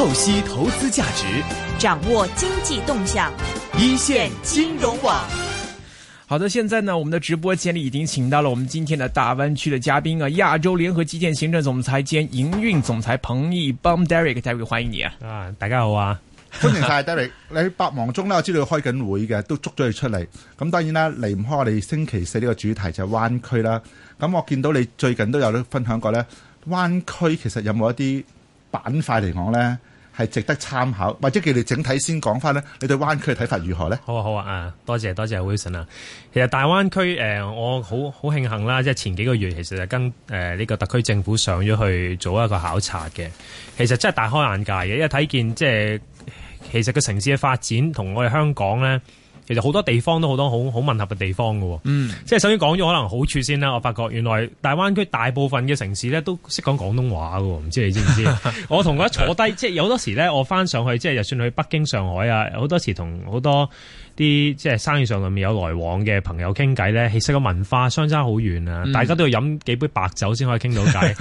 透析投資價值，掌握經濟動向，一線金融網。好的，現在呢，我們的直播間裏已經請到了我們今天的大灣區的嘉賓啊，亞洲聯合基建行政總裁兼營運總裁彭一邦 Derek，Derek，Derek, 歡迎你啊！啊，大家好啊， 歡迎晒 Derek，你百忙中呢，我知道開緊會嘅，都捉咗你出嚟。咁當然啦，離唔開我哋星期四呢個主題就係灣區啦。咁我見到你最近都有分享過呢，灣區其實有冇一啲板塊嚟講呢？係值得參考，或者叫你整體先講返咧，你對灣區嘅睇法如何咧、啊？好啊好啊，啊多謝多謝 Wilson 啊。其實大灣區誒，我好好慶幸啦，即係前幾個月其實跟誒呢、呃這個特區政府上咗去做一個考察嘅，其實真係大開眼界嘅，因為睇見即係其實個城市嘅發展同我哋香港咧。其實好多地方都好多好好吻合嘅地方噶，嗯，即係首先講咗可能好處先啦。我發覺原來大灣區大部分嘅城市咧都識講廣東話噶，唔知你知唔知？ 我同佢一坐低，即係有好多時咧，我翻上去即係就算去北京、上海啊，好多時同好多。啲即係生意上面有來往嘅朋友傾偈咧，其實個文化相差好遠啊！嗯、大家都要飲幾杯白酒先可以傾到偈，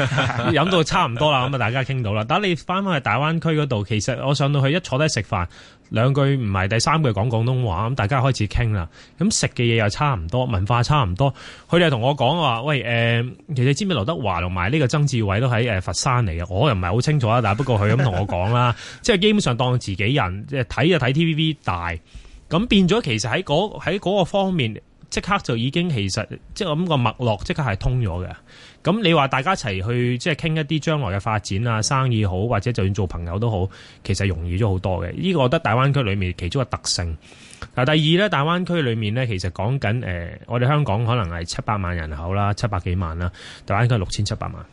飲 到差唔多啦，咁啊 大家傾到啦。但係你翻翻去大灣區嗰度，其實我上到去一坐低食飯，兩句唔係第三句講廣東話，咁大家開始傾啦。咁食嘅嘢又差唔多，文化差唔多。佢哋同我講話，喂，誒、呃，其實你知唔知劉德華同埋呢個曾志偉都喺誒佛山嚟嘅？我又唔係好清楚啊，但係不過佢咁同我講啦，即係 基本上當自己人，即係睇就睇 TVB 大。咁變咗，其實喺嗰喺嗰個方面，即刻就已經其實即係咁個脈絡，即刻係通咗嘅。咁你話大家一齊去即係傾一啲將來嘅發展啊，生意好或者就算做朋友都好，其實容易咗好多嘅。呢、這個我覺得大灣區裏面其中一個特性。嗱，第二呢，大灣區裏面呢，其實講緊誒，我哋香港可能係七百萬人口啦，七百幾萬啦，大灣區係六千七百萬。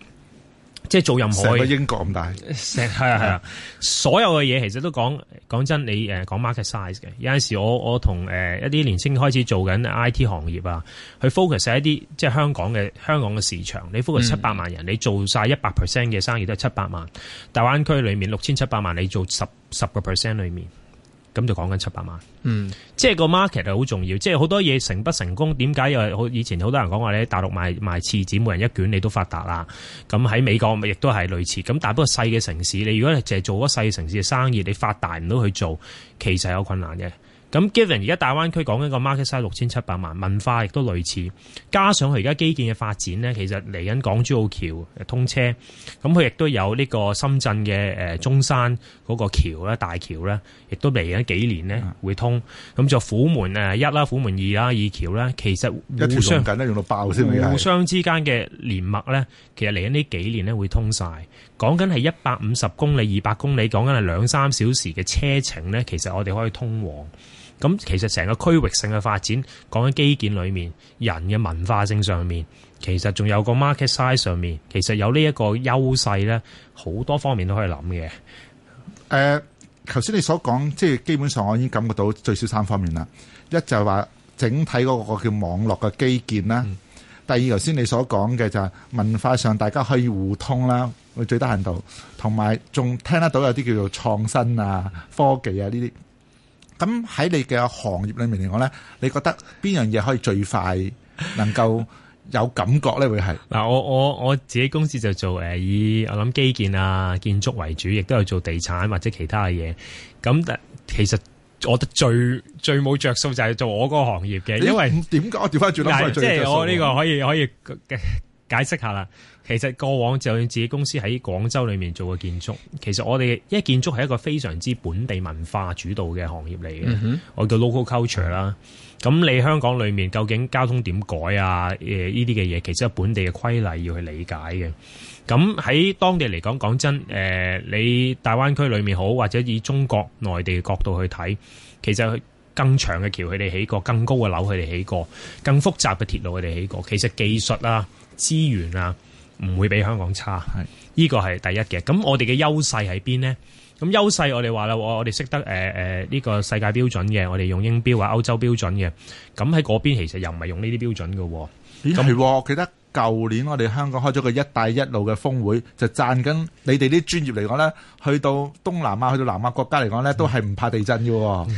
即係做任何，成個英國咁大，係啊係啊， 所有嘅嘢其實都講講真，你誒講 market size 嘅，有陣時我我同誒一啲年青開始做緊 IT 行業啊，去 focus 喺一啲即係香港嘅香港嘅市場，你 focus 七百萬人，嗯、你做晒一百 percent 嘅生意都係七百萬，大灣區裏面六千七百萬，你做十十個 percent 裏面。咁就講緊七百萬，嗯，即係個 market 係好重要，即係好多嘢成不成功，點解又係好？以前好多人講話咧，大陸賣賣廁紙，每人一卷，你都發達啦。咁喺美國亦都係類似，咁但係不過細嘅城市，你如果係淨係做嗰細嘅城市嘅生意，你發達唔到去做，其實有困難嘅。咁，given 而家大灣區講緊個 market size 六千七百萬，文化亦都類似，加上佢而家基建嘅發展咧，其實嚟緊港珠澳橋通車，咁佢亦都有呢個深圳嘅誒中山嗰個橋啦、大橋啦，亦都嚟緊幾年咧會通，咁就虎門啊一啦、虎門二啦、二橋啦，其實互相緊啦，用到爆先，互相之間嘅連脈咧，其實嚟緊呢幾年咧會通晒。講緊係一百五十公里、二百公里，講緊係兩三小時嘅車程呢。其實我哋可以通往咁，其實成個區域性嘅發展，講緊基建裏面，人嘅文化性上面，其實仲有個 market size 上面，其實有呢一個優勢呢，好多方面都可以諗嘅。誒、呃，頭先你所講，即係基本上我已經感覺到最少三方面啦。一就係話整體嗰個叫網絡嘅基建啦。嗯第二，頭先你所講嘅就係文化上大家可以互通啦，去最低限度，同埋仲聽得到有啲叫做創新啊、科技啊呢啲。咁喺你嘅行業裡面嚟講咧，你覺得邊樣嘢可以最快能夠有感覺咧？會係嗱，我我我自己公司就做誒，以我諗基建啊、建築為主，亦都有做地產或者其他嘅嘢。咁但其實。我得最最冇着數就係做我嗰個行業嘅，咦因為點解？調翻轉啦，即係、就是、我呢個可以可以解釋下啦。其實過往就算自己公司喺廣州裏面做過建築，其實我哋因為建築係一個非常之本地文化主導嘅行業嚟嘅，嗯、哼我叫 local culture 啦。咁你香港裏面究竟交通點改啊？誒，呢啲嘅嘢其實係本地嘅規例要去理解嘅。咁喺當地嚟講，講真，誒、呃，你大灣區裏面好，或者以中國內地嘅角度去睇，其實更長嘅橋佢哋起過，更高嘅樓佢哋起過，更複雜嘅鐵路佢哋起過，其實技術啊、資源啊，唔會比香港差。係的，呢個係第一嘅。咁我哋嘅優勢喺邊呢？咁優勢我哋話啦，我哋識得誒誒呢個世界標準嘅，我哋用英標或歐洲標準嘅。咁喺嗰邊其實又唔係用呢啲標準嘅喎。咁係，記得。舊年我哋香港開咗個一帶一路嘅峰會，就讚緊你哋啲專業嚟講呢，去到東南亞、去到南亞國家嚟講呢，都係唔怕地震嘅。誒、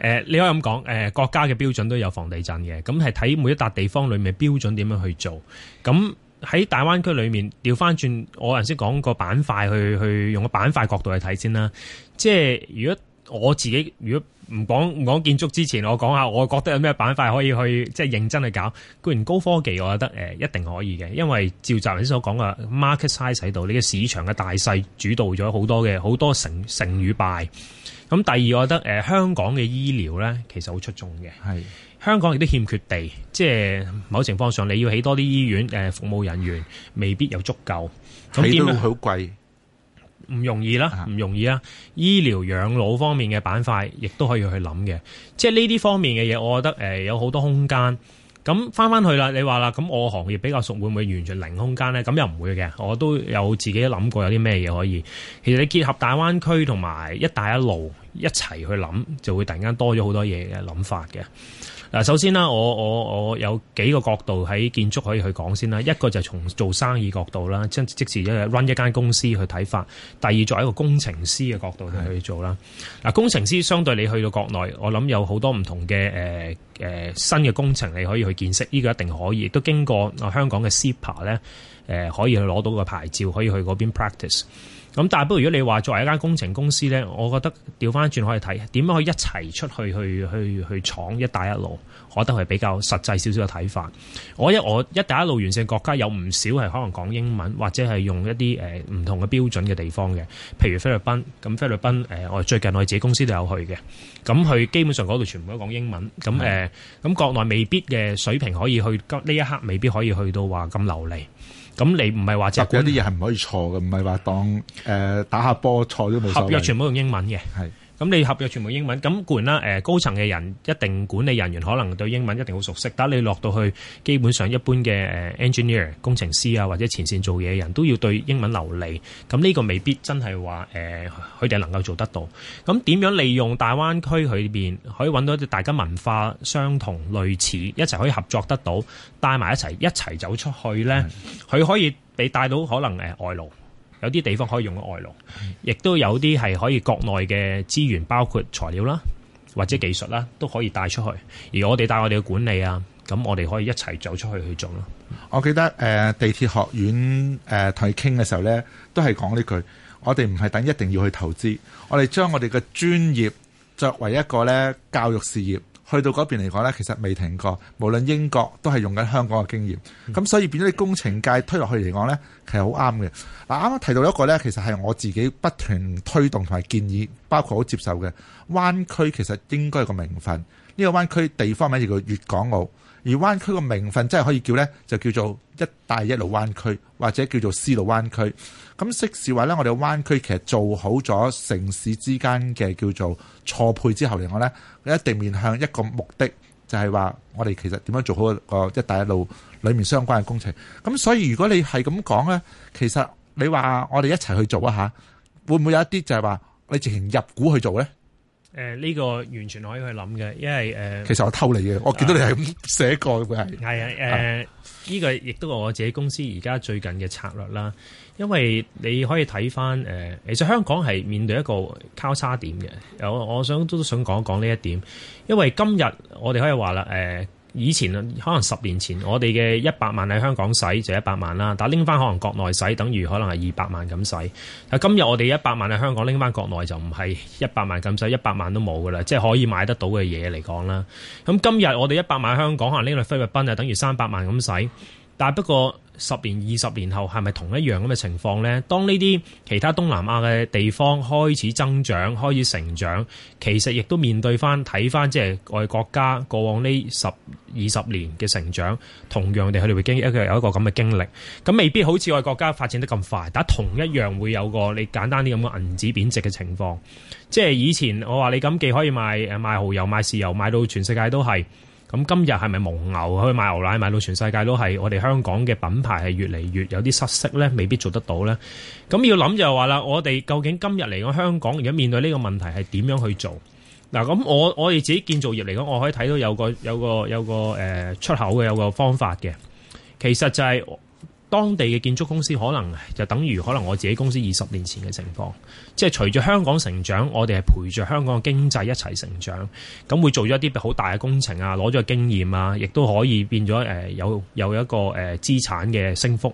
嗯， 你可以咁講，誒國家嘅標準都有防地震嘅，咁係睇每一笪地方裏面標準點樣去做。咁喺大灣區裏面調翻轉，我頭先講個板塊去去用個板塊角度去睇先啦。即係如果。我自己如果唔講唔講建築之前，我講下我覺得有咩辦法可以去即係、就是、認真去搞。固然高科技，我覺得誒一定可以嘅，因為趙澤文所講嘅 market size 喺度，你嘅市場嘅大細主導咗好多嘅好多成成與敗。咁、嗯、第二，我覺得誒香港嘅醫療咧其實好出眾嘅。係是香港亦都欠缺地，即係某情況上你要起多啲醫院，誒服務人員未必有足夠，起到好貴。那唔容易啦，唔容易啦，醫療養老方面嘅板塊亦都可以去諗嘅，即係呢啲方面嘅嘢，我覺得誒、呃、有好多空間。咁翻翻去啦，你話啦，咁我行業比較熟，會唔會完全零空間呢？咁又唔會嘅，我都有自己諗過有啲咩嘢可以。其實你結合大灣區同埋一帶一路一齊去諗，就會突然間多咗好多嘢嘅諗法嘅。嗱，首先啦，我我我有幾個角度喺建築可以去講先啦。一個就係從做生意角度啦，即即時即 run 一間公司去睇法。第二，作為一個工程師嘅角度去去做啦。嗱，工程師相對你去到國內，我諗有好多唔同嘅誒誒新嘅工程你可以去見識。呢、這個一定可以，亦都經過香港嘅 CEPA 咧、呃，誒可以去攞到個牌照，可以去嗰邊 practice。咁但係，不過如果你話作為一間工程公司呢，我覺得調翻轉可以睇點樣可以一齊出去去去去闖一帶一路，我覺得係比較實際少少嘅睇法。我一我一帶一路完成國家有唔少係可能講英文或者係用一啲誒唔同嘅標準嘅地方嘅，譬如菲律賓。咁菲律賓誒，我、呃、最近我哋自己公司都有去嘅。咁佢基本上嗰度全部都講英文。咁誒，咁的、呃、國內未必嘅水平可以去呢一刻未必可以去到話咁流利。咁你唔係話即係，有啲嘢係唔可以錯嘅，唔係話當誒打下波錯都冇所謂。合約全部用英文嘅。係。咁你合約全部英文，咁固然啦，誒高層嘅人一定管理人員可能對英文一定好熟悉，但係你落到去，基本上一般嘅誒 engineer 工程師啊，或者前線做嘢嘅人都要對英文流利，咁呢個未必真係話誒佢哋能夠做得到。咁點樣利用大灣區裏面可以搵到一啲大家文化相同類似，一齊可以合作得到，帶埋一齊一齊走出去呢？佢的可以畀帶到可能誒外勞。有啲地方可以用外勞，亦都有啲係可以國內嘅資源，包括材料啦，或者技術啦，都可以帶出去。而我哋帶我哋嘅管理啊，咁我哋可以一齊走出去去做咯。我記得誒、呃、地鐵學院誒同佢傾嘅時候呢，都係講呢句：我哋唔係等一定要去投資，我哋將我哋嘅專業作為一個呢教育事業。去到嗰邊嚟講咧，其實未停過，無論英國都係用緊香港嘅經驗，咁、嗯、所以變咗啲工程界推落去嚟講咧，其實好啱嘅。嗱，啱啱提到一個咧，其實係我自己不斷推動同埋建議，包括好接受嘅，灣區其實應該有個名分，呢個灣區地方名叫係粵港澳。而灣區個名分真係可以叫咧，就叫做一帶一路灣區，或者叫做絲路灣區。咁即是話咧，我哋灣區其實做好咗城市之間嘅叫做錯配之後嚟講咧，你一定面向一個目的，就係、是、話我哋其實點樣做好個一帶一路裡面相關嘅工程。咁、嗯、所以如果你係咁講咧，其實你話我哋一齊去做一下，會唔會有一啲就係話你直情入股去做咧？誒、呢、呃，這個完全可以去諗嘅，因為誒，其實我偷你嘅，呃、我見到你係咁寫過嘅係。啊、呃，誒、呢、呃，呃、個亦都係我自己公司而家最近嘅策略啦。因為你可以睇返，誒，其實香港係面對一個交叉點嘅，我我想都想講一講呢一點。因為今日我哋可以話啦，誒、呃。以前可能十年前我哋嘅一百萬喺香港使就一百萬啦，但拎翻可能國內使，等於可能係二百萬咁使。但今日我哋一百萬喺香港拎翻國內就唔係一百萬咁使，一百萬都冇噶啦，即係可以買得到嘅嘢嚟講啦。咁今日我哋一百萬喺香港可能拎去菲律賓就等於三百萬咁使，但不過，十年、二十年後係咪同一樣咁嘅情況呢？當呢啲其他東南亞嘅地方開始增長、開始成長，其實亦都面對翻、睇翻，即係我哋國家過往呢十、二十年嘅成長，同樣地，佢哋會經歷一個有一個咁嘅經歷。咁未必好似我哋國家發展得咁快，但係同一樣會有個你簡單啲咁嘅銀紙貶值嘅情況。即係以前我話你咁既可以賣賣蠔油、賣豉油，賣到全世界都係。咁今日係咪蒙牛去賣牛奶，賣到全世界都係我哋香港嘅品牌，係越嚟越有啲失色咧，未必做得到咧。咁要諗就係話啦，我哋究竟今日嚟講香港，而家面對呢個問題係點樣去做？嗱，咁我我哋自己建造業嚟講，我可以睇到有個有個有個誒出口嘅有個方法嘅，其實就係。當地嘅建築公司可能就等於可能我自己公司二十年前嘅情況，即係隨住香港成長，我哋係陪住香港嘅經濟一齊成長，咁會做咗一啲好大嘅工程啊，攞咗個經驗啊，亦都可以變咗誒有有一個誒資產嘅升幅。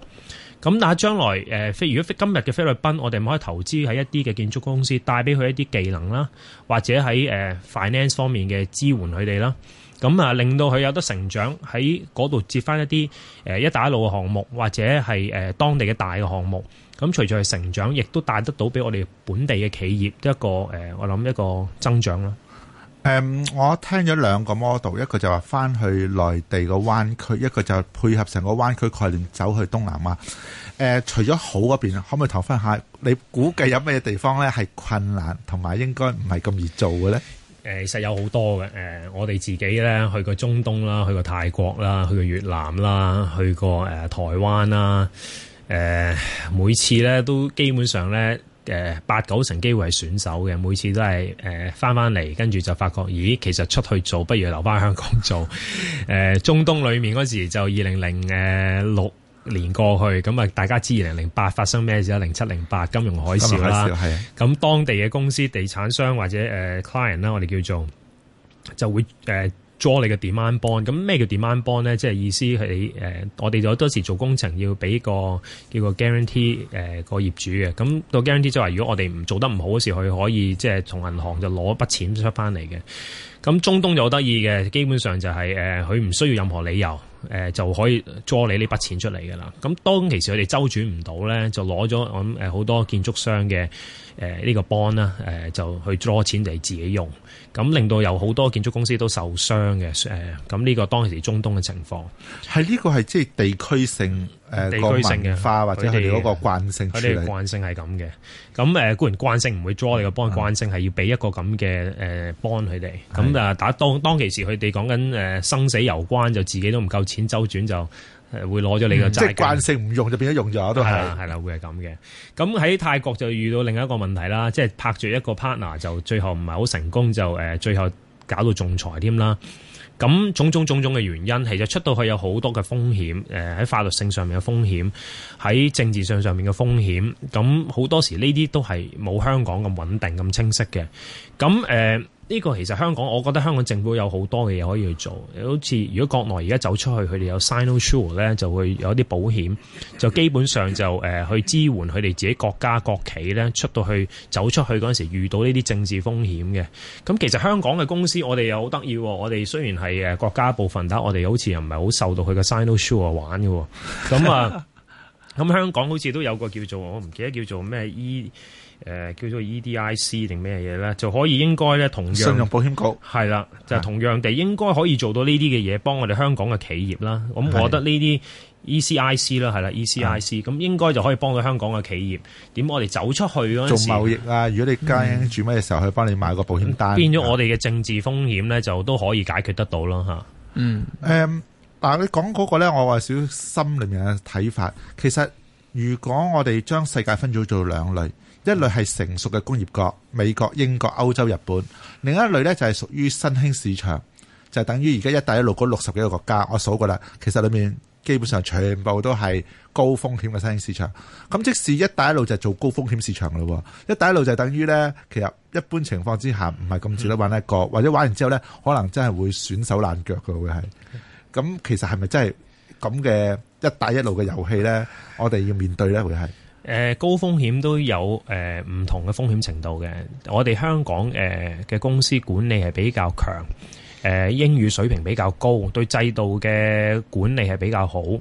咁但係將來誒如果今日嘅菲律賓，我哋可以投資喺一啲嘅建築公司，帶俾佢一啲技能啦，或者喺誒 finance 方面嘅支援佢哋啦。咁啊，令到佢有得成長喺嗰度接翻一啲誒一帶一路嘅項目，或者係誒當地嘅大嘅項目。咁隨住佢成長，亦都帶得到俾我哋本地嘅企業一個誒，我諗一個增長啦。誒、嗯，我聽咗兩個 model，一個就話翻去內地個灣區，一個就，一個就配合成個灣區概念走去東南亞。誒、呃，除咗好嗰邊，可唔可以談翻下你估計有咩地方咧係困難，同埋應該唔係咁易做嘅咧？誒，其、呃、實有好多嘅，誒、呃，我哋自己咧去過中東啦，去過泰國啦，去過越南啦，去過誒、呃、台灣啦，誒、呃，每次咧都基本上咧，誒、呃，八九成機會係選手嘅，每次都係誒翻翻嚟，跟、呃、住就發覺，咦，其實出去做不如留翻香港做，誒、呃，中東裡面嗰時就二零零誒六年過去咁啊！大家知二零零八發生咩事啦？零七零八金融海嘯啦，係咁的當地嘅公司、地產商或者誒、uh, client 啦，我哋叫做就會誒、uh, draw 你嘅 demand bond。咁咩叫 demand bond 咧？即係意思係誒，uh, 我哋有多時做工程要俾個叫個 guarantee 誒、uh, 個業主嘅。咁到 guarantee 就話，如果我哋唔做得唔好嘅時，佢可以即係從銀行就攞一筆錢出翻嚟嘅。咁中東就好得意嘅，基本上就係、是、誒，佢、uh, 唔需要任何理由。誒就可以攞你呢筆錢出嚟㗎啦。咁當其時佢哋周轉唔到咧，就攞咗咁誒好多建築商嘅誒呢個 bond 啦，誒就去攞錢嚟自，自己用。咁令到有好多建築公司都受傷嘅。誒咁呢個當其時中東嘅情況係呢個係即係地區性。誒，地區性嘅，或者係嗰個慣性，佢哋慣性係咁嘅。咁誒，固、呃、然慣性唔會 draw 你個 bond，慣性係要俾一個咁嘅誒幫佢哋。咁、呃、啊，打的當當其時，佢哋講緊誒生死攸關，就自己都唔夠錢周轉、呃嗯，就誒會攞咗你個即係慣性唔用就變咗用咗，都係係啦，會係咁嘅。咁喺泰國就遇到另一個問題啦，即、就、係、是、拍住一個 partner 就最後唔係好成功，就誒最後搞到仲裁添啦。咁種種種種嘅原因，其實出到去有好多嘅風險，誒喺法律性上面嘅風險，喺政治上上面嘅風險，咁好多時呢啲都係冇香港咁穩定、咁清晰嘅，咁誒。呃呢個其實香港，我覺得香港政府有好多嘅嘢可以去做。好似如果國內而家走出去，佢哋有 Sinosure 咧，ure，就會有一啲保險，就基本上就誒、呃、去支援佢哋自己國家國企咧出到去走出去嗰陣時，遇到呢啲政治風險嘅。咁其實香港嘅公司我，我哋又好得意喎。我哋雖然係誒一國家部分，但我哋好似又唔係好受到佢嘅 Sinosure 玩嘅。咁啊，咁 香港好似都有個叫做我唔記得叫做咩 E。誒，叫做 E D I C 定咩嘢咧？就可以應該咧，同樣，信用保險局係啦，就同樣地應該可以做到呢啲嘅嘢，幫我哋香港嘅企業啦。咁，我覺得呢啲 E C I C 啦，係啦 E C I C 咁是，應該就可以幫到香港嘅企業點我哋走出去嗰陣時做貿易啊。如果你家住咩時候、嗯、去，幫你買個保險單，變咗我哋嘅政治風險咧，啊、就都可以解決得到啦。吓、嗯，嗯誒，嗱，你講嗰個咧，我話少少心裏面嘅睇法。其實如果我哋將世界分組做兩類。一類係成熟嘅工業國，美國、英國、歐洲、日本；另一類呢，就係、是、屬於新興市場，就是、等於而家一帶一路嗰六十幾個國家。我數過啦，其實裏面基本上全部都係高風險嘅新興市場。咁即使一帶一路就係做高風險市場咯，一帶一路就等於呢，其實一般情況之下唔係咁值得玩一個，或者玩完之後呢，可能真係會損手爛腳嘅會係。咁其實係咪真係咁嘅一帶一路嘅遊戲呢？我哋要面對呢，會係。誒高風險都有誒唔、呃、同嘅風險程度嘅，我哋香港誒嘅、呃、公司管理係比較強，誒、呃、英語水平比較高，對制度嘅管理係比較好，誒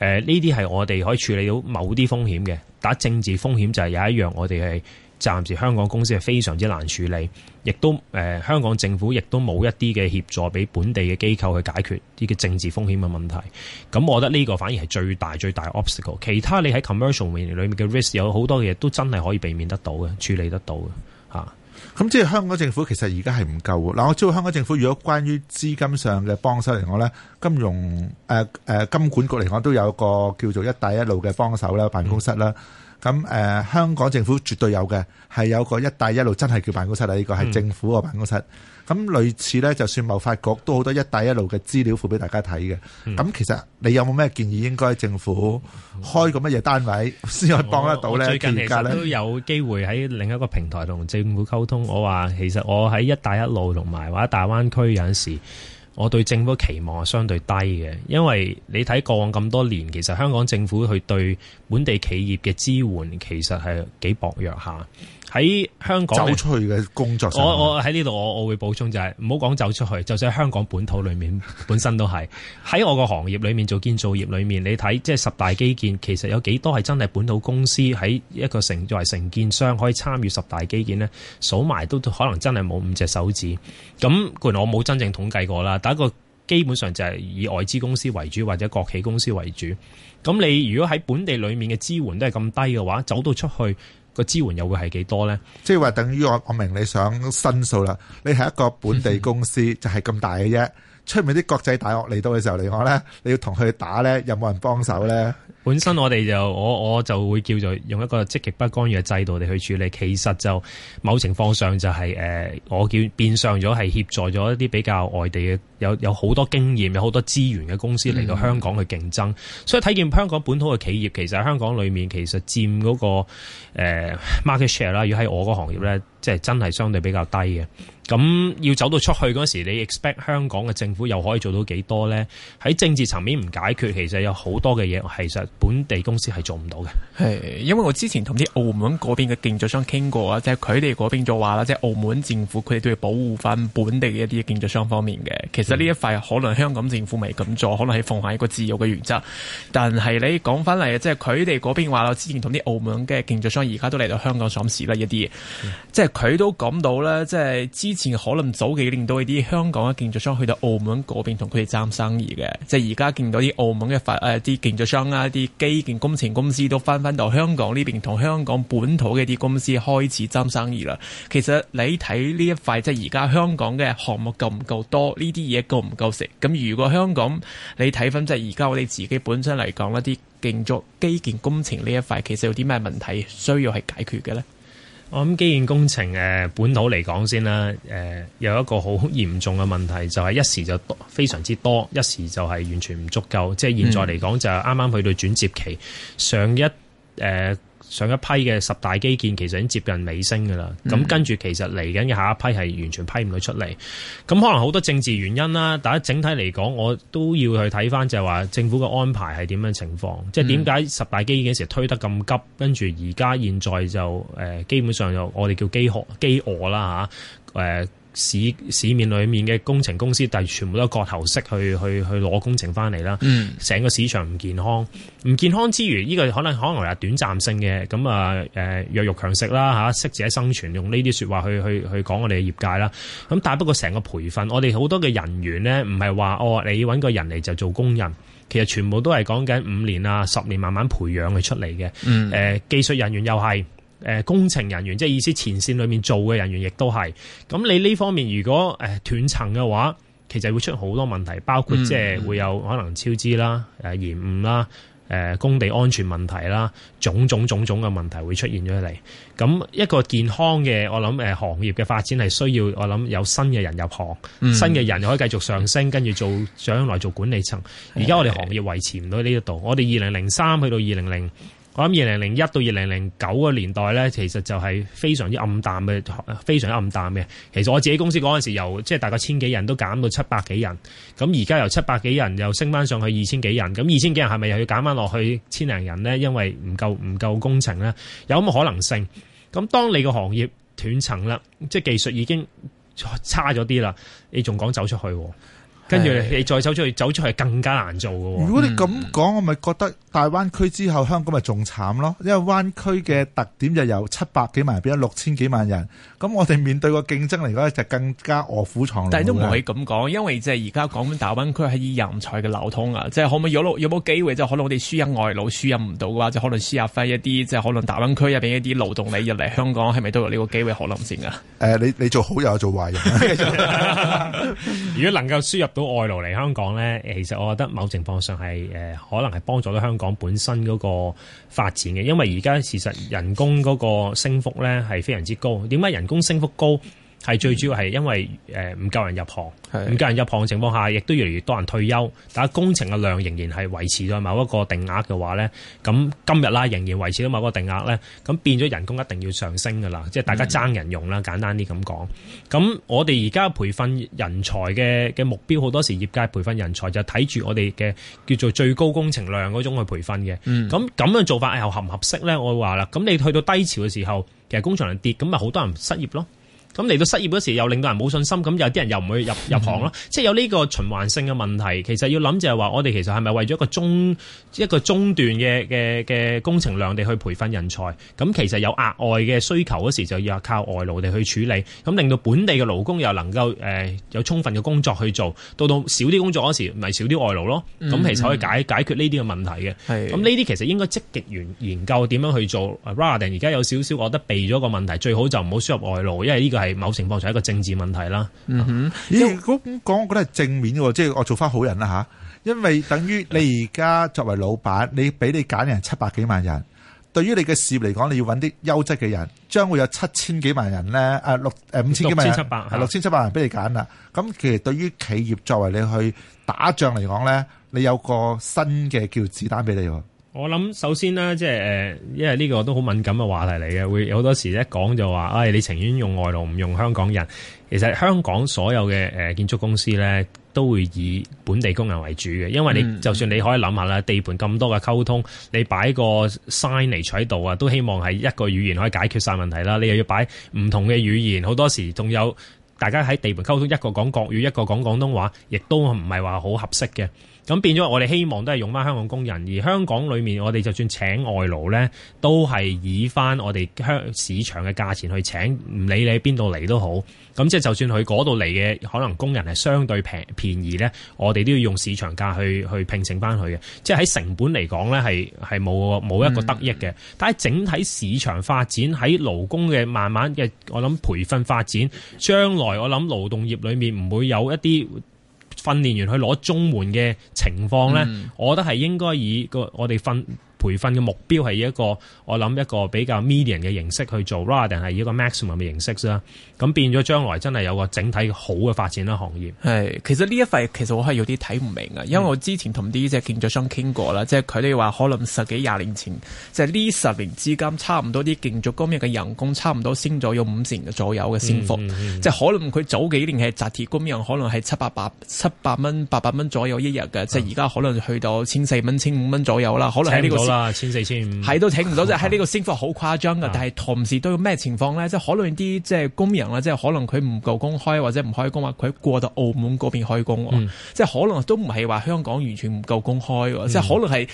呢啲係我哋可以處理到某啲風險嘅。但政治風險就係有一樣我，我哋係暫時香港公司係非常之難處理。亦都誒、呃，香港政府亦都冇一啲嘅協助俾本地嘅機構去解決呢個政治風險嘅問題。咁，我覺得呢個反而係最大最大嘅 obstacle。其他你喺 commercial 面裏面嘅 risk 有好多嘢都真係可以避免得到嘅，處理得到嘅嚇。咁、啊嗯、即係香港政府其實而家係唔夠。嗱，我知道香港政府如果關於資金上嘅幫手嚟講咧，金融誒誒、呃、金管局嚟講都有一個叫做一帶一路嘅幫手啦，辦公室啦。嗯咁誒、呃，香港政府絕對有嘅，係有個一帶一路真係叫辦公室啦。呢、這個係政府個辦公室。咁、嗯、類似呢，就算貿發局都好多一帶一路嘅資料放俾大家睇嘅。咁、嗯、其實你有冇咩建議應該政府開個乜嘢單位先可以幫得到呢？最近都有機會喺另一個平台同政府溝通。我話其實我喺一帶一路同埋或者大灣區有陣時。我對政府期望係相對低嘅，因為你睇過往咁多年，其實香港政府去對本地企業嘅支援其實係幾薄弱下。喺香港走出去嘅工作上，我我喺呢度我我會補充，就係唔好講走出去，就算喺香港本土裏面 本身都係喺我個行業裏面，做建造業裏面，你睇即係十大基建，其實有幾多係真係本土公司喺一個成作為承建商可以參與十大基建咧？數埋都可能真係冇五隻手指。咁原來我冇真正統計過啦，但一個基本上就係以外資公司為主或者國企公司為主。咁你如果喺本地裏面嘅支援都係咁低嘅話，走到出去，個支援又會係幾多咧？即係話等於我，我明你想申訴啦。你係一個本地公司，嗯嗯就係咁大嘅啫。出面啲國際大鱷嚟到嘅時候嚟講咧，你要同佢打咧，有冇人幫手咧？本身我哋就我我就會叫做用一個積極不干預嘅制度嚟去處理，其實就某情況上就係誒，我叫變相咗係協助咗一啲比較外地嘅有有好多經驗有好多資源嘅公司嚟到香港去競爭，所以睇見香港本土嘅企業，其實喺香港裏面其實佔嗰個誒 market share 啦，要喺我個行業咧，即係真係相對比較低嘅。咁要走到出去嗰時，你 expect 香港嘅政府又可以做到幾多咧？喺政治層面唔解決，其實有好多嘅嘢，其實。本地公司係做唔到嘅，係因為我之前同啲澳門嗰邊嘅建築商傾過啊，即係佢哋嗰邊就話啦，即係澳門政府佢哋都要保護翻本地嘅一啲建築商方面嘅。其實呢一塊、嗯、可能香港政府未咁做，可能係奉行一個自由嘅原則。但係你講翻嚟，即係佢哋嗰邊話啦，我之前同啲澳門嘅建築商而家都嚟到香港上市啦一啲，即係佢都講到咧，即、就、係、是、之前可能早幾年到一啲香港嘅建築商去到澳門嗰邊同佢哋爭生意嘅，即係而家見到啲澳門嘅發誒啲建築商啊基建工程公司都翻翻到香港呢邊，同香港本土嘅啲公司開始爭生意啦。其實你睇呢一塊，即係而家香港嘅項目夠唔夠多？呢啲嘢夠唔夠食？咁如果香港你睇翻，即係而家我哋自己本身嚟講一啲建築基建工程呢一塊，其實有啲咩問題需要係解決嘅咧？我諗基建工程誒、呃，本土嚟講先啦，誒、呃、有一個好嚴重嘅問題，就係、是、一時就非常之多，一時就係完全唔足夠。即係現在嚟講、嗯、就係啱啱去到轉接期，上一。誒、呃，上一批嘅十大基建其實已經接近尾聲噶啦，咁、嗯、跟住其實嚟緊嘅下一批係完全批唔到出嚟，咁可能好多政治原因啦。但係整體嚟講，我都要去睇翻就係話政府嘅安排係點樣情況，即係點解十大基建嗰時推得咁急，跟住而家現在就誒、呃，基本上就我哋叫飢渴飢餓啦吓，誒、呃。市市面裏面嘅工程公司，但係全部都係割頭式去去去攞工程翻嚟啦。成、嗯、個市場唔健康，唔健康之餘，呢、這個可能可能又係短暫性嘅。咁啊誒，弱肉強食啦嚇，適、啊、者生存，用呢啲説話去去去講我哋嘅業界啦。咁但係不過成個培訓，我哋好多嘅人員呢，唔係話哦，你揾個人嚟就做工人，其實全部都係講緊五年啊、十年慢慢培養佢出嚟嘅。誒、呃，技術人員又係。誒工程人員，即係意思前線裏面做嘅人員，亦都係。咁你呢方面如果誒斷層嘅話，其實會出好多問題，包括即係會有可能超支啦、誒延誤啦、誒工地安全問題啦，種種種種嘅問題會出現咗嚟。咁一個健康嘅我諗誒行業嘅發展係需要我諗有新嘅人入行，嗯、新嘅人又可以繼續上升，跟住做將來做管理層。而家我哋行業維持唔到呢一度，我哋二零零三去到二零零。我諗二零零一到二零零九個年代咧，其實就係非常之暗淡嘅，非常暗淡嘅。其實我自己公司嗰陣時由即係大概千幾人都減到七百幾人，咁而家由七百幾人又升翻，上去二千幾人，咁二千幾人係咪又要減翻落去千零人咧？因為唔夠唔夠工程咧，有咁嘅可能性。咁當你個行業斷層啦，即係技術已經差咗啲啦，你仲講走出去？跟住你再走出去，走出去更加難做嘅。如果你咁講，嗯、我咪覺得大灣區之後香港咪仲慘咯？因為灣區嘅特點就由七百幾萬人變咗六千幾萬人。咁我哋面對個競爭嚟講就更加卧虎藏龍。但係都唔可以咁講，因為即係而家講緊大灣區係人才嘅流通啊，即係可唔可以有有冇機會即係可能我哋輸入外勞輸入唔到嘅話，就可能輸入翻一啲即係可能大灣區入邊一啲勞動力入嚟香港，係咪都有呢個機會可能先啊，誒、呃，你你做好人又做壞人。 如果能夠輸入。到外勞嚟香港咧，其實我覺得某情況上係誒、呃、可能係幫助到香港本身嗰個發展嘅，因為而家事實人工嗰個升幅咧係非常之高。點解人工升幅高？係最主要係因為誒唔夠人入行，唔夠的人入行嘅情況下，亦都越嚟越多人退休。但係工程嘅量仍然係維持到某一個定額嘅話咧，咁今日啦仍然維持到某一個定額咧，咁變咗人工一定要上升噶啦，即係大家爭人用啦，簡單啲咁講。咁、嗯、我哋而家培訓人才嘅嘅目標，好多時業界培訓人才就睇住我哋嘅叫做最高工程量嗰種去培訓嘅。咁咁、嗯、樣做法又、哎、合唔合適咧？我會話啦，咁你去到低潮嘅時候，其實工程量跌，咁咪好多人失業咯。咁嚟到失業嗰時，又令到人冇信心，咁有啲人又唔會入入行咯，嗯、即係有呢個循環性嘅問題，其實要諗就係話我哋其實係咪為咗一個中一個中段嘅嘅嘅工程量嚟去培訓人才？咁其實有額外嘅需求嗰時，就要靠外勞嚟去處理，咁令到本地嘅勞工又能夠誒、呃、有充分嘅工作去做。到到少啲工作嗰時，咪少啲外勞咯。咁、嗯、其實可以解解決呢啲嘅問題嘅。咁呢啲其實應該積極研研究點樣去做。Radin 的而家有少少，我覺得避咗個問題最好就唔好輸入外勞，因為呢、這個。係某情況就係一個政治問題啦。嗯哼，咦？如果咁講，我覺得係正面喎，即係我做翻好人啦吓，因為等於為為你而家作為老闆，你俾你揀人七百幾萬人，對於你嘅事業嚟講，你要揾啲優質嘅人，將會有七千幾萬人咧。誒、啊、六誒、啊、五千幾萬人六千七百係、啊、六千七百萬人俾你揀啦。咁其實對於企業作為你去打仗嚟講咧，你有個新嘅叫子彈俾你喎。我諗首先咧，即係誒，因為呢個都好敏感嘅話題嚟嘅，會好多時一講就話，唉、哎，你情願用外勞唔用香港人。其實香港所有嘅誒建築公司呢，都會以本地工人為主嘅，因為你就算你可以諗下啦，地盤咁多嘅溝通，你擺個 sign 嚟取度啊，都希望係一個語言可以解決晒問題啦。你又要擺唔同嘅語言，好多時仲有大家喺地盤溝通，一個講國語，一個講廣東話，亦都唔係話好合適嘅。咁變咗，我哋希望都係用翻香港工人，而香港裡面我哋就算請外勞呢，都係以翻我哋香市場嘅價錢去請，唔理你喺邊度嚟都好。咁即係就算佢嗰度嚟嘅可能工人係相對平便宜呢，我哋都要用市場價去去聘請翻佢嘅。即係喺成本嚟講呢，係係冇冇一個得益嘅。但係整體市場發展喺勞工嘅慢慢嘅，我諗培訓發展，將來我諗勞動業裡面唔會有一啲。訓練員去攞中門嘅情況咧，嗯、我覺得係應該以個我哋訓。培訓嘅目標係一個，我諗一個比較 median 嘅形式去做啦，定係一個 maximum 嘅形式啦。咁變咗將來真係有個整體好嘅發展啦，行業。係，其實呢一塊其實我係有啲睇唔明啊，因為我之前同啲即係建築商傾過啦，即係佢哋話可能十幾廿年前，即係呢十年之間差唔多啲建築工務嘅人工差唔多升咗有五成嘅左右嘅升幅，嗯嗯、即係可能佢早幾年係紮鐵工務可能係七百八七百蚊八百蚊左右一日嘅，即係而家可能去到千四蚊千五蚊左右啦，可能呢、呢個。嗯、千四千五，係都請唔到，即係喺呢個升幅好誇張噶。嗯、但係同時都有咩情況咧？即係可能啲即係工人啦，即係可能佢唔夠工開，或者唔開工話，佢過到澳門嗰邊開工，嗯、即係可能都唔係話香港完全唔夠工開，嗯、即係可能係。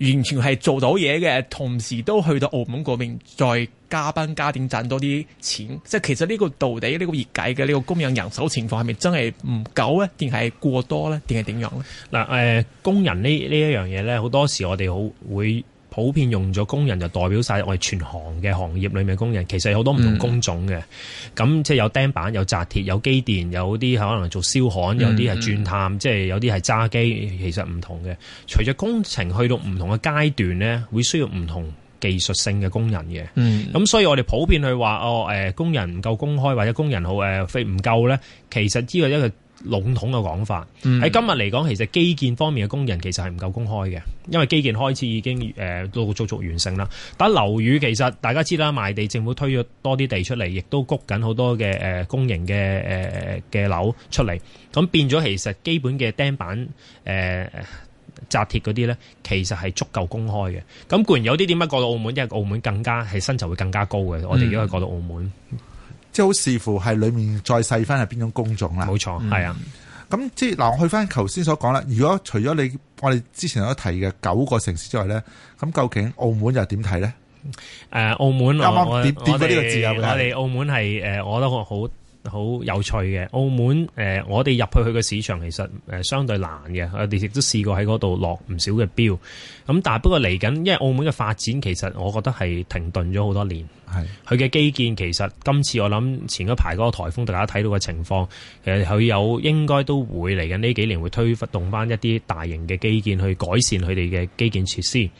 完全係做到嘢嘅，同時都去到澳門嗰邊再加班加點賺多啲錢。即係其實呢個到底呢、呢個業界嘅呢個供應人手情況係咪真係唔夠咧，定係過多咧，定係點樣咧？嗱、呃，誒、呃、工人呢呢一樣嘢咧，好多時我哋好會。普遍用咗工人就代表晒我哋全行嘅行業裏面工人，其實有好多唔同工種嘅，咁、嗯、即係有釘板、有紮鐵、有機電，有啲可能做燒焊、有啲係鑽探，嗯、即係有啲係揸機，其實唔同嘅。隨著工程去到唔同嘅階段咧，會需要唔同技術性嘅工人嘅。咁、嗯、所以我哋普遍去話哦，誒、呃、工人唔夠公開或者工人好誒，非唔夠咧，其實呢個一個，籠統嘅講法，喺、嗯、今日嚟講，其實基建方面嘅工人其實係唔夠公開嘅，因為基建開始已經誒，都足足完成啦。但係樓宇其實大家知啦，賣地政府推咗多啲地出嚟，亦都谷緊好多嘅誒公營嘅誒嘅樓出嚟，咁變咗其實基本嘅釘板誒、呃、紮鐵嗰啲咧，其實係足夠公開嘅。咁固然有啲點解過到澳門，因為澳門更加係薪酬會更加高嘅，我哋如果去過到澳門。嗯都係視乎係裏面再細分係邊種工種啦，冇錯、嗯，係啊。咁即係嗱，我去翻頭先所講啦。如果除咗你我哋之前有提嘅九個城市之外咧，咁究竟澳門又點睇咧？誒、呃，澳門啱啱點點過呢個字？我哋澳門係誒，我覺得我好好有趣嘅。澳門誒、呃，我哋入去佢嘅市場其實誒相對難嘅。我哋亦都試過喺嗰度落唔少嘅標，咁但係不過嚟緊，因為澳門嘅發展其實我覺得係停頓咗好多年。係佢嘅基建，其實今次我諗前一排嗰個颱風大家睇到嘅情況，其實佢有應該都會嚟緊呢幾年會推動翻一啲大型嘅基建去改善佢哋嘅基建設施。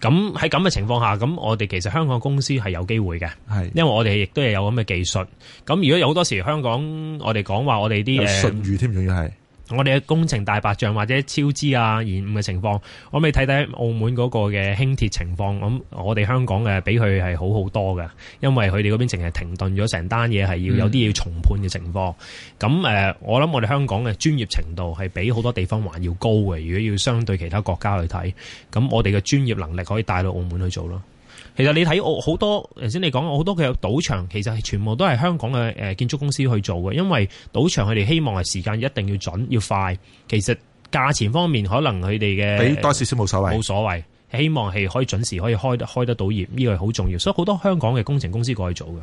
咁喺咁嘅情況下，咁我哋其實香港公司係有機會嘅，係是因為我哋亦都係有咁嘅技術。咁如果有好多時香港我哋講話我哋啲信譽添，仲要係。我哋嘅工程大白象或者超支啊、延誤嘅情況，我未睇睇澳門嗰個嘅輕鐵情況。咁我哋香港嘅比佢係好好多嘅，因為佢哋嗰邊淨係停頓咗成單嘢，係要有啲要重判嘅情況。咁誒、嗯，我諗我哋香港嘅專業程度係比好多地方還要高嘅。如果要相對其他國家去睇，咁我哋嘅專業能力可以帶到澳門去做咯。其實你睇我好多，頭先你講好多佢有賭場，其實全部都係香港嘅、誒建築公司去做嘅，因為賭場佢哋希望係時間一定要準要快。其實價錢方面可能佢哋嘅俾多少少冇所謂，冇所謂，希望係可以準時可以開得開得到業，呢個係好重要。所以好多香港嘅工程公司過去做嘅。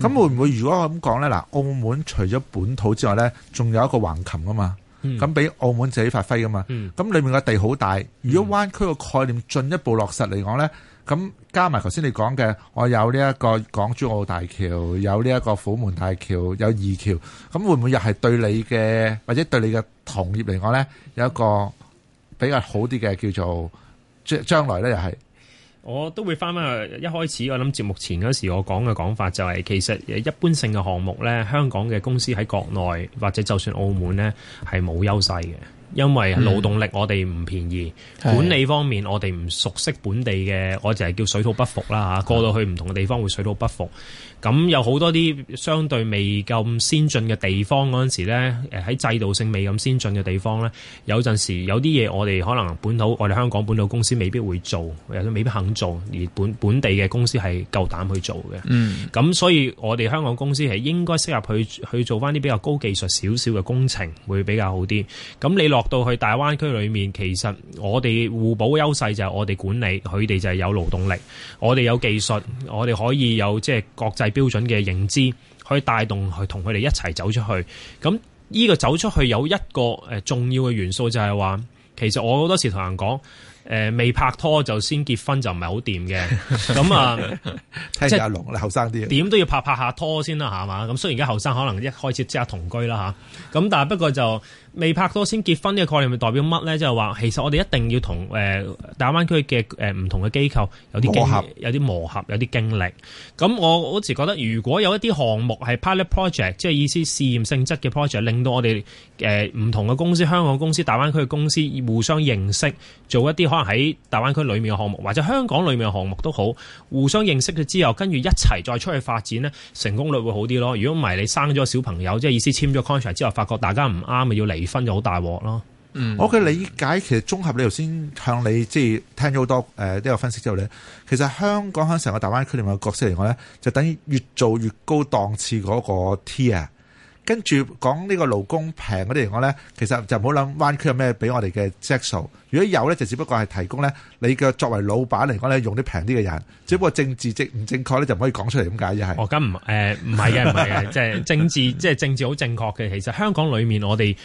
咁、嗯、會唔會如果我咁講咧？嗱，澳門除咗本土之外咧，仲有一個橫琴啊嘛，咁俾、嗯、澳門自己發揮啊嘛，咁、嗯、裏面嘅地好大。如果灣區嘅概念進一步落實嚟講咧？咁加埋頭先你講嘅，我有呢一個港珠澳大橋，有呢一個虎門大橋，有二橋，咁會唔會又係對你嘅或者對你嘅同業嚟講呢？有一個比較好啲嘅叫做將將來呢，又係？我都會翻翻去一開始，我諗節目前嗰時我講嘅講法就係、是，其實一般性嘅項目呢，香港嘅公司喺國內或者就算澳門呢，係冇優勢嘅。因為勞動力我哋唔便宜，嗯、管理方面我哋唔熟悉本地嘅，我就係叫水土不服啦嚇。過到去唔同嘅地方會水土不服。咁有好多啲相對未咁先進嘅地方嗰陣時呢，喺制度性未咁先進嘅地方呢，有陣時有啲嘢我哋可能本土我哋香港本土公司未必會做，或者未必肯做，而本本地嘅公司係夠膽去做嘅。嗯。咁所以我哋香港公司係應該適合去去做翻啲比較高技術少少嘅工程會比較好啲。咁你落到去大灣區裏面，其實我哋互補優勢就係我哋管理，佢哋就係有勞動力，我哋有技術，我哋可以有即係國際標準嘅認知，可以帶動去同佢哋一齊走出去。咁呢個走出去有一個誒重要嘅元素就係話，其實我好多時同人講，誒未拍拖就先結婚就唔係好掂嘅。咁啊，即係阿龍你後生啲，點都要拍拍下拖先啦係嘛。咁雖然而家後生可能一開始即刻同居啦吓，咁但係不過就。未拍拖先結婚呢個概念，咪代表乜咧？即係話其實我哋一定要同誒大灣區嘅誒唔同嘅機構有啲磨合，有啲磨合，有啲經歷。咁我好似覺得，如果有一啲項目係 pilot project，即係意思試驗性質嘅 project，令到我哋誒唔同嘅公司、香港公司、大灣區嘅公司互相認識做一啲可能喺大灣區裏面嘅項目，或者香港裏面嘅項目都好，互相認識咗之後跟住一齊再出去發展咧，成功率會好啲咯。如果唔係你生咗小朋友，即係意思簽咗 contract 之後發覺大家唔啱，咪要離。婚就好大鑊咯。嗯，我嘅理解其實，綜合你頭先向你即係聽咗好多誒呢個分析之後咧，其實香港喺成個大灣區裏面嘅角色嚟講咧，就等於越做越高檔次嗰個 tier。跟住講呢個勞工平嗰啲嚟講咧，其實就唔好諗灣區有咩俾我哋嘅指數。如果有咧，就只不過係提供咧，你嘅作為老闆嚟講咧，用啲平啲嘅人。只不過政治正唔正確咧，就唔可以講出嚟咁解，一係。哦，咁唔誒唔係嘅，唔係嘅，即係政治即係政治好正確嘅。其實香港裏面我哋。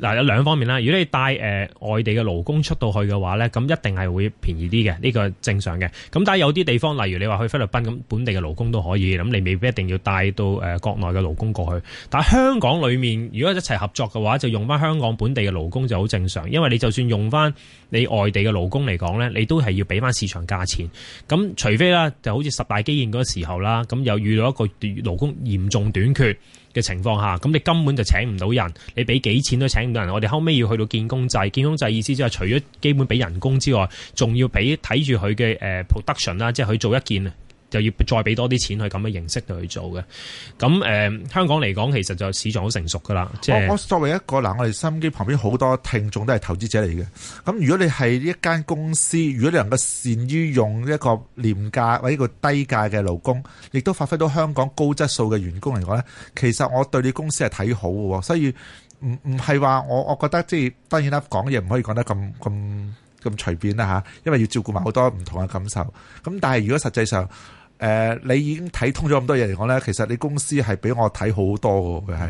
嗱，有兩方面啦，如果你帶誒、呃、外地嘅勞工出到去嘅話咧，咁一定係會便宜啲嘅，呢、呢個正常嘅。咁但係有啲地方，例如你話去菲律賓咁，本地嘅勞工都可以，咁你未必一定要帶到誒、呃、國內嘅勞工過去。但係香港裏面，如果一齊合作嘅話就用翻香港本地嘅勞工就好正常，因為你就算用翻你外地嘅勞工嚟講咧，你都係要俾翻市場價錢，咁除非啦，就好似十大基建嗰個時候啦，咁又遇到一個勞工嚴重短缺嘅情況下，咁你根本就請唔到人，你俾幾錢都請。我哋後尾要去到建工制，建工制意思就係除咗基本俾人工之外，仲要俾睇住佢嘅誒 production 啦，即係佢做一件就要再俾多啲錢去咁嘅形式度去做嘅。咁誒、呃，香港嚟講，其實就市場好成熟噶啦。我我作為一個嗱，我哋收音機旁邊好多聽眾都係投資者嚟嘅。咁如果你係一間公司，如果你能夠善於用一個廉價或者一個低價嘅勞工，亦都發揮到香港高質素嘅員工嚟講咧，其實我對你公司係睇好嘅，所以。唔唔係話我，我覺得即係、就是、當然啦，講嘢唔可以講得咁咁咁隨便啦嚇，因為要照顧埋好多唔同嘅感受。咁但係如果實際上誒、呃，你已經睇通咗咁多嘢嚟講咧，其實你公司係畀我睇好多嘅，係。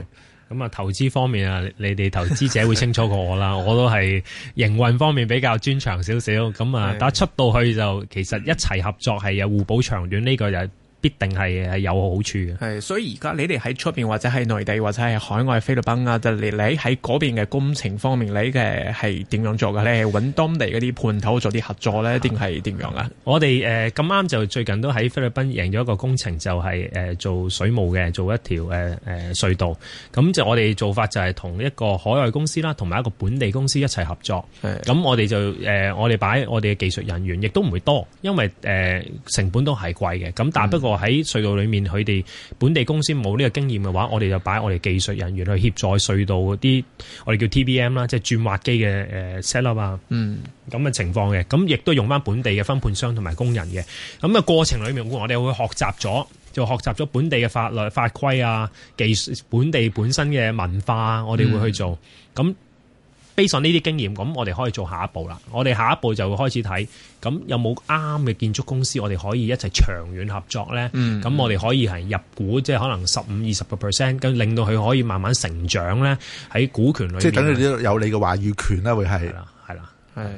咁啊、嗯，投資方面啊，你哋投資者會清楚過我啦。 我都係營運方面比較專長少少。咁、嗯、啊，但係的出到去就其實一齊合作係有互補長短呢個又，必定係有好處嘅。係所以而家你哋喺出邊，或者係內地，或者係海外菲律賓啊，就你你喺嗰邊嘅工程方面，你嘅係點樣做嘅咧？係揾當地嗰啲盤頭做啲合作咧，定係點樣啊？我哋誒咁啱就最近都喺菲律賓贏咗一個工程，就係，就係誒做水務嘅，做一條誒誒隧道。咁就我哋做法就係同一個海外公司啦，同埋一個本地公司一齊合作。係的。咁我哋就誒，呃，我哋擺我哋嘅技術人員亦都唔會多，因為誒，呃，成本都係貴嘅。咁但不過、嗯。喺隧道裏面，佢哋本地公司冇呢個經驗嘅話，我哋就擺我哋技術人員去協助隧道嗰啲我哋叫 TBM 啦，即係鑽挖機嘅誒 set up 啊，嗯，咁嘅情況嘅，咁亦都用翻本地嘅分判商同埋工人嘅，咁嘅過程裏面，我哋會學習咗，就學習咗本地嘅法律法規啊，技術本地本身嘅文化，啊，我哋會去做，咁、嗯。Based on 呢啲經驗，咁我哋可以做下一步啦。我哋下一步就會開始睇，咁有冇啱嘅建築公司，我哋可以一齊長遠合作咧。咁、嗯、我哋可以係入股，即係可能十五、二十個 percent，咁令到佢可以慢慢成長咧。喺股權裏面，等你有你嘅話語權啦，會係啦。係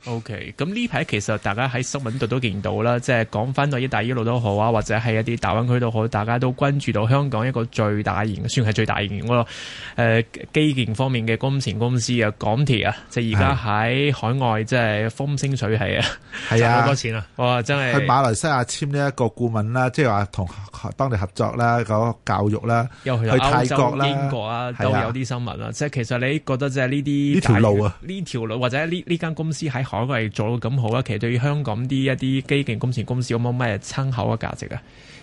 OK，咁呢排其實大家喺新聞度都見到啦，即係講翻到一帶一路都好啊，或者係一啲大灣區都好，大家都關注到香港一個最大型，算係最大型咯。誒、呃，基建方面嘅工程公司鐵在在啊，港鐵啊，即係而家喺海外即係風生水起啊，係啊，好多錢啊，哇，真係去馬來西亞簽呢一個顧問啦，即係話同當地合作啦，嗰、那個、教育啦，又去泰國啦、英國啊，啊都有啲新聞啦。即係其實你覺得即係呢啲呢條路啊，呢條路或者呢呢間公司喺海外做到咁好啊，其實對於香港啲一啲基建工程公司有冇咩參考嘅價值啊？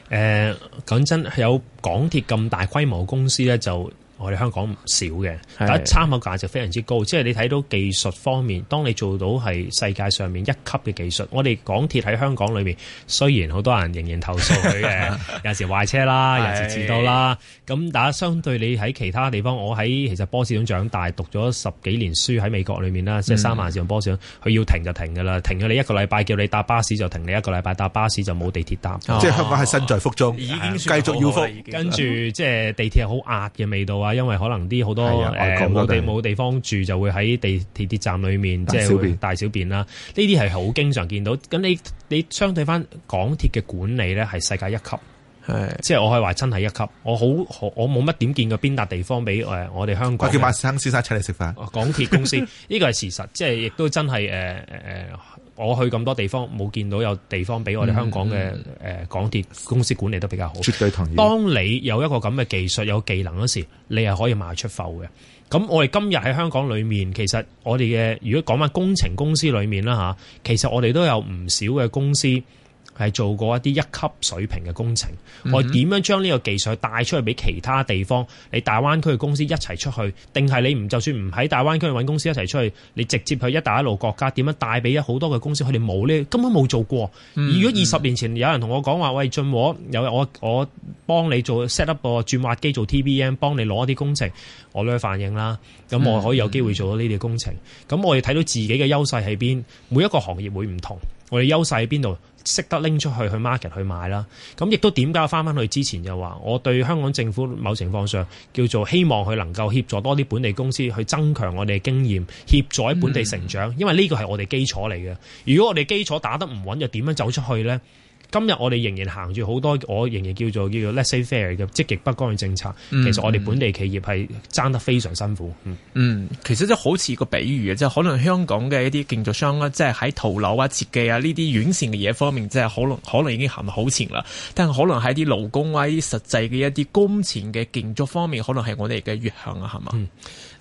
誒、呃，講真，有港鐵咁大規模公司咧就。我哋香港唔少嘅，但係參考價值非常之高，的即係你睇到技術方面，當你做到係世界上面一級嘅技術，我哋港鐵喺香港裏面，雖然好多人仍然投訴佢嘅， 有時壞車啦，的有時遲到啦，咁但係相對你喺其他地方，我喺其實波士頓長大，讀咗十幾年書喺美國裏面啦，嗯、即係三萬字嘅波士頓，佢要停就停嘅啦，停咗你一個禮拜叫你搭巴，巴士就停，你一個禮拜搭巴士就冇地鐵搭，即係香港係身在福中，已經繼續要福，跟住即係地鐵係好壓嘅味道。因為可能啲好多誒冇的、呃、地冇地方住，就會喺地地鐵站裏面即係大，大小便啦。呢啲係好經常見到。咁你你相對翻，港鐵嘅管理咧，係世界一級，係的即係我可以話真係一級。我好我冇乜點見過邊笪地方比誒我哋香港。我叫馬生先生，出嚟食飯。港鐵公司呢 個係事實，即係亦都真係誒誒。呃呃我去咁多地方，冇見到有地方俾我哋香港嘅誒港鐵公司管理得比較好。絕對同意。當你有一個咁嘅技術、有技能嗰時，你係可以賣出埠嘅。咁我哋今日喺香港裏面，其實我哋嘅如果講返工程公司裏面啦吓，其實我哋都有唔少嘅公司。係做過一啲一級水平嘅工程，嗯、我點樣將呢個技術帶出去俾其他地方？你大灣區嘅公司一齊出去，定係你唔就算唔喺大灣區揾公司一齊出去，你直接去一帶一路國家，點樣帶俾一好多嘅公司佢哋冇呢？根本冇做過。如果二十年前有人同我講話，喂進和有我我幫你做 set up 個轉挖機做 TBM，幫你攞一啲工程，我都有反應啦。咁我可以有機會做到呢啲工程。咁、嗯嗯、我哋睇到自己嘅優勢喺邊，每一個行業會唔同，我哋優勢喺邊度？識得拎出去去 market 去買啦，咁亦都點解返返去之前就話，我對香港政府某情況上叫做希望佢能夠協助多啲本地公司去增強我哋嘅經驗，協助喺本地成長，因為呢個係我哋基礎嚟嘅。如果我哋基礎打得唔穩，又點樣走出去呢？」今日我哋仍然行住好多，我仍然叫做叫做 laissez-faire 嘅積極不干預嘅政策。其實我哋本地企業係爭得非常辛苦。嗯，其實即係好似個比喻嘅，即係可能香港嘅一啲建築商啦，即係喺淘樓啊、設計啊呢啲遠線嘅嘢方面，即係可能可能已經行好前啦。但係可能喺啲勞工啊、啲實際嘅一啲工錢嘅建築方面，可能係我哋嘅弱項啊，係嘛？嗯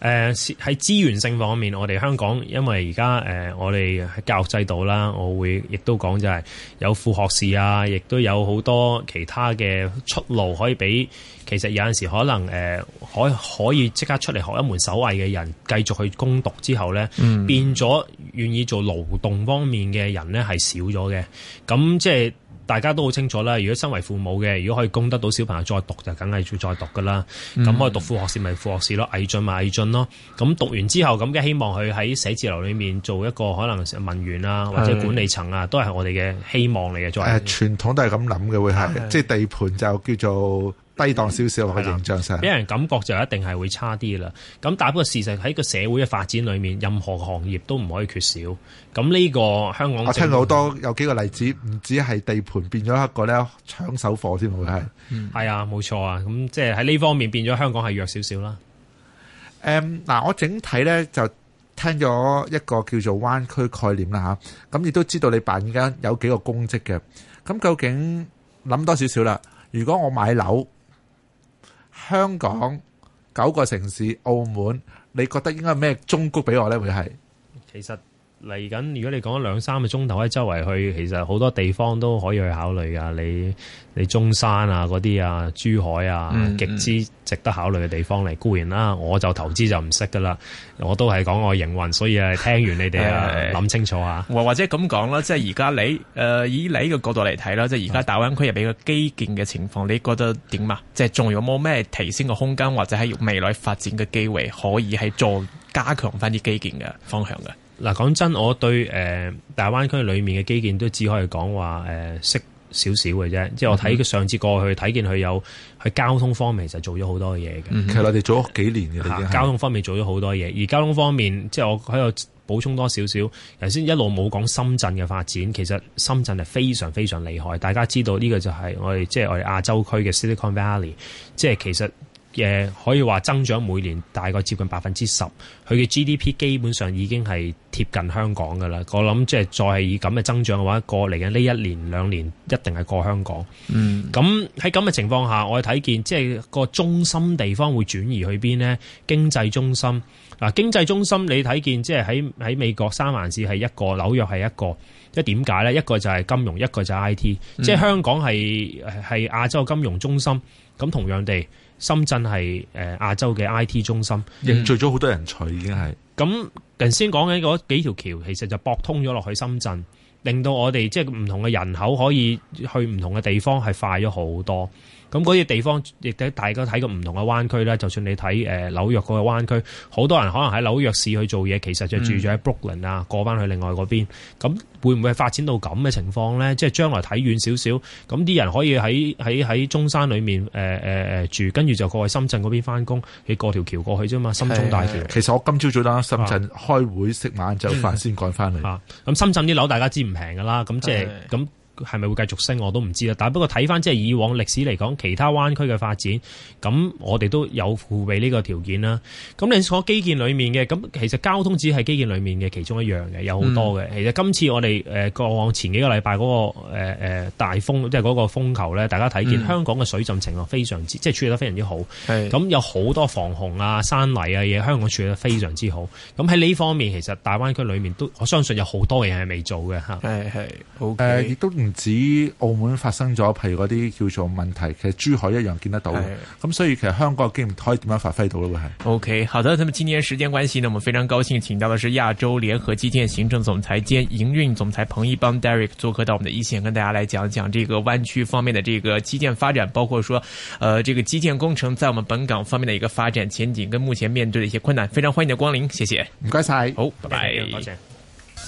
誒喺、呃、資源性方面，我哋香港因為而家誒我哋喺教育制度啦，我會亦都講就係有副學士啊，亦都有好多其他嘅出路可以俾。其實有陣時可能誒可、呃、可以即刻出嚟學一門手藝嘅人，繼續去攻讀之後咧，嗯、變咗願意做勞動方面嘅人咧係少咗嘅。咁即係。大家都好清楚啦。如果身為父母嘅，如果可以供得到小朋友再讀，就梗係要再讀噶啦。咁、嗯、可以讀副學士咪副學士咯，毅進咪毅進咯。咁讀完之後，咁嘅希望佢喺寫字樓裏面做一個可能文員啦，或者管理層啊，嗯、都係我哋嘅希望嚟嘅。再傳、嗯、統都係咁諗嘅，會係、嗯、即係地盤就叫做。低檔少少咯，可的形象上俾人感覺就一定係會差啲啦。咁但係不過事實喺個社會嘅發展裏面，任何行業都唔可以缺少。咁呢個香港，我聽好多有幾個例子，唔、嗯、止係地盤變咗一個咧搶手貨先會，係係、嗯、啊，冇錯啊。咁即係喺呢方面變咗香港係弱少少啦。誒、嗯，嗱、啊，我整體咧就聽咗一個叫做灣區概念啦，吓咁亦都知道你辦依家有幾個公職嘅。咁究竟諗多少少啦？如果我買樓？香港、嗯、九個城市，澳門，你覺得應該咩忠告俾我咧？會係其實。嚟緊，如果你講咗兩三個鐘頭喺周圍去，其實好多地方都可以去考慮噶。你你中山啊，嗰啲啊，珠海啊，極、嗯、之值得考慮嘅地方嚟固、嗯、然啦、啊。我就投資就唔識噶啦，我都係講我營運，所以係、啊、聽完你哋啊，諗是清楚吓。或或者咁講啦，即係而家你誒、呃，以你呢個角度嚟睇啦，即係而家大灣區入面嘅基建嘅情況，你覺得點嘛、啊？即係仲有冇咩提升嘅空間，或者係未來發展嘅機會，可以係做加強翻啲基建嘅方向嘅？嗱，講真，我對誒大灣區裡面嘅基建都只可以講話誒識少少嘅啫。即係我睇佢上次過去睇見佢有喺交通方面就做咗好多嘢嘅。其實我哋做咗、嗯嗯嗯、幾年嘅，是交通方面做咗好多嘢。而交通方面，即係我喺度補充多少少。頭先一路冇講深圳嘅發展，其實深圳係非常非常厲害。大家知道呢個就係我哋即係我哋亞洲區嘅 Silicon Valley，即係其實。誒可以話增長每年大概接近百分之十，佢嘅 GDP 基本上已經係貼近香港噶啦。我諗即係再係以咁嘅增長嘅話，過嚟嘅呢一年兩年一定係過香港。嗯，咁喺咁嘅情況下，我睇見即係個中心地方會轉移去邊呢？經濟中心嗱、啊，經濟中心你睇見即係喺喺美國三藩市係一個，紐約係一個，即係點解呢？一個就係金融，一個就係 IT，即係香港係係亞洲金融中心。咁同樣地。深圳係誒、呃、亞洲嘅 IT 中心，凝聚咗好多人、嗯、才，已經係咁。頭先講緊嗰幾條橋，其實就駁通咗落去深圳，令到我哋即係唔同嘅人口可以去唔同嘅地方，係快咗好多。咁嗰啲地方，亦都大家睇過唔同嘅灣區啦。就算你睇誒、呃、紐約嗰個灣區，好多人可能喺紐約市去做嘢，其實就住咗喺 Brooklyn 啊，嗯、過翻去另外嗰邊。咁會唔會發展到咁嘅情況咧？即係將來睇遠少少，咁啲人可以喺喺喺中山裏面誒誒誒住，跟住就過去深圳嗰邊翻工，你過條橋過去啫嘛。深中大橋。其實我今朝早啦，深圳開會的，食晚粥飯先趕翻嚟。咁深圳啲樓大家知唔平㗎啦？咁即係咁。係咪會繼續升，我都唔知啦，但不過睇翻即係以往歷史嚟講，其他灣區嘅發展，咁我哋都有儲備呢個條件啦。咁你講基建裏面嘅，咁其實交通只係基建裏面嘅其中一樣嘅，有好多嘅。嗯、其實今次我哋誒過往前幾個禮拜嗰個誒誒、呃、大風，即係嗰個風球咧，大家睇見、嗯、香港嘅水浸情況非常之，即係處理得非常之好。係咁是的 有好多防洪啊、山泥啊嘢，香港處理得非常之好。咁喺呢方面，其實大灣區裏面都我相信有好多嘢係未做嘅吓。係，係好，誒亦都唔。指澳門發生咗譬如嗰啲叫做問題，其實珠海一樣見得到嘅。咁的、嗯、所以其實香港嘅經驗可以點樣發揮到咯？會係。OK. 好的，咁今日時間關係呢，呢我們非常高興請到的是亞洲聯合基建行政總裁兼營運總裁彭一邦 Derek 做客到我們的一線，跟大家來講講這個灣區方面的這個基建發展，包括說，呃，這個基建工程在我們本港方面的一個發展前景，跟目前面對的一些困難。非常歡迎你的光臨，謝謝。唔該曬，好，拜拜，多謝。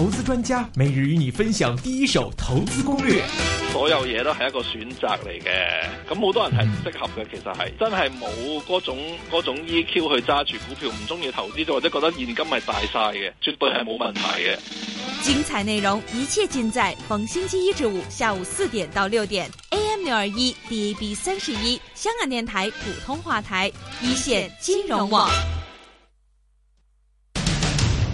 投資專家每日與你分享第一手投資攻略。所有嘢都係一個選擇嚟嘅，咁好多人係唔適合嘅。其實係真係冇嗰種嗰種 EQ 去揸住股票，唔中意投資就或者覺得現金係大晒嘅，絕對係冇問題嘅。精彩內容，一切盡在逢星期一至五下午四點到六點，AM 六二一，DAB 三十一，香港電台普通話台，一線金融網。